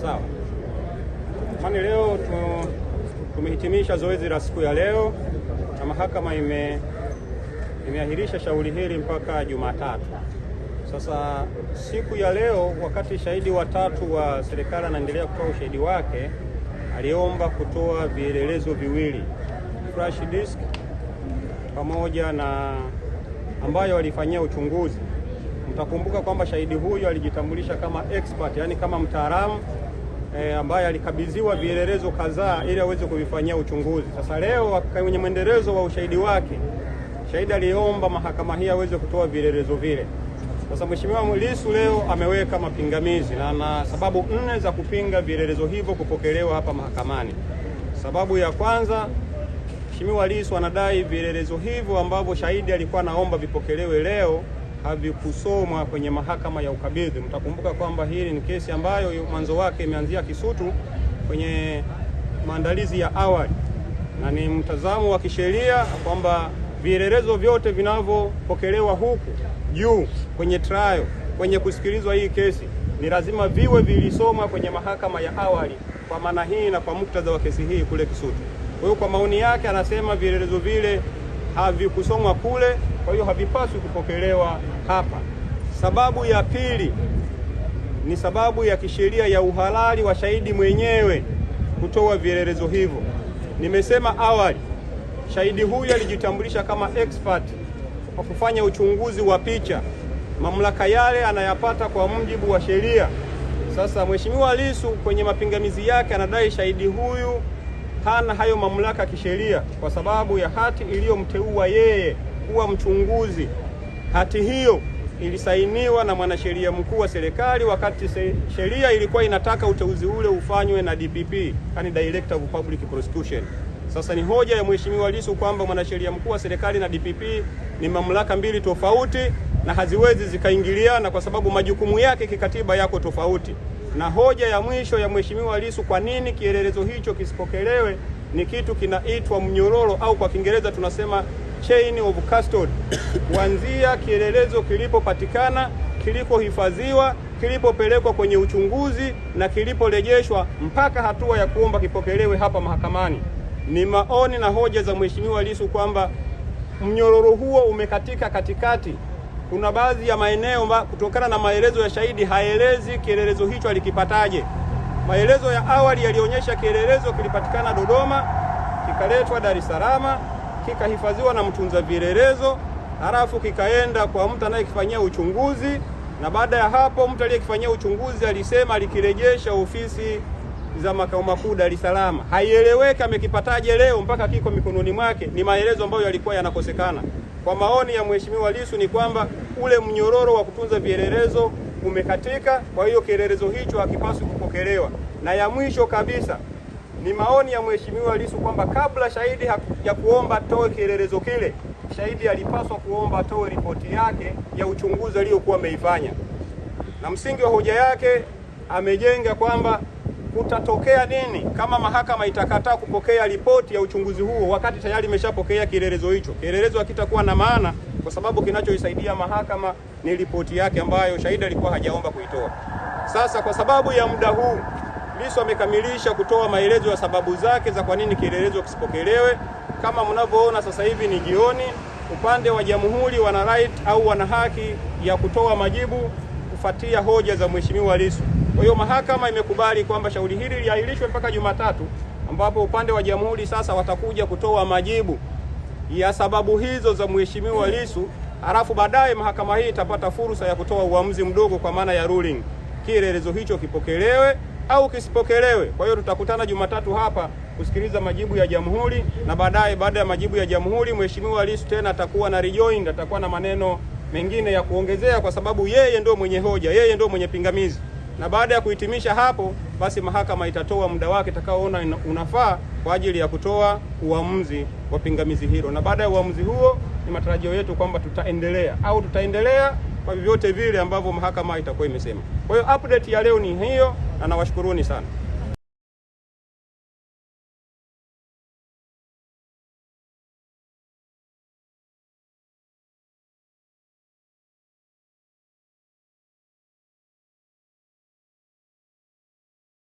Sawa. Mani, leo tumehitimisha zoezi la siku ya leo na mahakama ime imeahirisha shauri hili mpaka Jumatatu. Sasa siku ya leo, wakati shahidi watatu wa serikali anaendelea kutoa ushahidi wake, aliomba kutoa vielelezo viwili, flash disk pamoja na ambayo walifanyia uchunguzi Tunakumbuka kwamba shahidi huyo alijitambulisha kama expert, yani kama mtaalamu e, ambaye alikabidhiwa vielelezo kadhaa ili aweze kuvifanyia uchunguzi. Sasa leo kwenye mwendelezo wa ushahidi wake, shahidi aliomba mahakama hii aweze kutoa vielelezo vile. Sasa Mheshimiwa Lissu leo ameweka mapingamizi na na sababu nne za kupinga vielelezo hivyo kupokelewa hapa mahakamani. Sababu ya kwanza, Mheshimiwa Lissu anadai vielelezo hivyo ambavyo shahidi alikuwa anaomba vipokelewe leo havikusomwa kwenye mahakama ya ukabidhi. Mtakumbuka kwamba hili ni kesi ambayo mwanzo wake imeanzia Kisutu kwenye maandalizi ya awali, na ni mtazamo wa kisheria kwamba vielelezo vyote vinavyopokelewa huku juu kwenye trial, kwenye kusikilizwa hii kesi ni lazima viwe vilisoma kwenye mahakama ya awali kwa maana hii na kwa muktadha wa kesi hii kule Kisutu. Kwa hiyo, kwa maoni yake anasema vielelezo vile havikusomwa kule kwa hiyo havipaswi kupokelewa hapa. Sababu ya pili ni sababu ya kisheria ya uhalali wa shahidi mwenyewe kutoa vielelezo hivyo. Nimesema awali, shahidi huyu alijitambulisha kama expert kwa kufanya uchunguzi wa picha. Mamlaka yale anayapata kwa mujibu wa sheria. Sasa Mheshimiwa Lissu kwenye mapingamizi yake anadai shahidi huyu hana hayo mamlaka kisheria kwa sababu ya hati iliyomteua yeye kuwa mchunguzi. Hati hiyo ilisainiwa na mwanasheria mkuu wa serikali wakati sheria ilikuwa inataka uteuzi ule ufanywe na DPP, yani Director of Public Prosecution. Sasa ni hoja ya Mheshimiwa Lissu kwamba mwanasheria mkuu wa serikali na DPP ni mamlaka mbili tofauti na haziwezi zikaingiliana kwa sababu majukumu yake kikatiba yako tofauti. Na hoja ya mwisho ya Mheshimiwa Lissu, kwa nini kielelezo hicho kisipokelewe, ni kitu kinaitwa mnyororo au kwa Kiingereza tunasema chain of custody, kuanzia kielelezo kilipopatikana, kilipohifadhiwa, kilipopelekwa kwenye uchunguzi na kiliporejeshwa mpaka hatua ya kuomba kipokelewe hapa mahakamani. Ni maoni na hoja za Mheshimiwa Lissu kwamba mnyororo huo umekatika katikati. Kuna baadhi ya maeneo kutokana na maelezo ya shahidi haelezi kielelezo hicho alikipataje. Maelezo ya awali yalionyesha kielelezo kilipatikana Dodoma, kikaletwa Dar es Salaam kikahifadhiwa na mtunza vielelezo, halafu kikaenda kwa mtu anayekifanyia uchunguzi, na baada ya hapo mtu aliyekifanyia uchunguzi alisema alikirejesha ofisi za makao makuu Dar es Salaam. Haieleweki amekipataje leo mpaka kiko mikononi mwake. Ni maelezo ambayo yalikuwa yanakosekana. Kwa maoni ya Mheshimiwa Lissu ni kwamba ule mnyororo wa kutunza vielelezo umekatika, kwa hiyo kielelezo hicho hakipaswi kupokelewa. Na ya mwisho kabisa ni maoni ya Mheshimiwa Lissu kwamba kabla shahidi ya kuomba toe kielelezo kile, shahidi alipaswa kuomba toe ripoti yake ya uchunguzi aliyokuwa ameifanya, na msingi wa hoja yake amejenga kwamba kutatokea nini kama mahakama itakataa kupokea ripoti ya uchunguzi huo wakati tayari imeshapokea kielelezo hicho. Kielelezo hakitakuwa na maana kwa sababu kinachoisaidia mahakama ni ripoti yake ambayo shahidi alikuwa hajaomba kuitoa. Sasa kwa sababu ya muda huu Lissu amekamilisha kutoa maelezo ya sababu zake za kwa nini kielelezo kisipokelewe. Kama mnavyoona sasa hivi ni jioni, upande wa jamhuri wana right au wana haki ya kutoa majibu kufuatia hoja za mheshimiwa Lissu. Kwa hiyo mahakama imekubali kwamba shauri hili liahirishwe mpaka Jumatatu, ambapo upande wa jamhuri sasa watakuja kutoa majibu ya sababu hizo za mheshimiwa Lissu, halafu baadaye mahakama hii itapata fursa ya kutoa uamuzi mdogo, kwa maana ya ruling, kielelezo hicho kipokelewe au kisipokelewe. Kwa hiyo tutakutana Jumatatu hapa kusikiliza majibu ya jamhuri, na baadaye, baada ya majibu ya jamhuri, Mheshimiwa Lissu tena atakuwa na rejoin, atakuwa na maneno mengine ya kuongezea, kwa sababu yeye ndio mwenye hoja, yeye ndio mwenye pingamizi. Na baada ya kuhitimisha hapo, basi mahakama itatoa muda wake itakaoona unafaa kwa ajili ya kutoa uamuzi wa pingamizi hilo, na baada ya uamuzi huo ni matarajio yetu kwamba tutaendelea au tutaendelea kwa vyovyote vile ambavyo mahakama itakuwa imesema. Kwa hiyo update ya leo ni hiyo na nawashukuruni sana.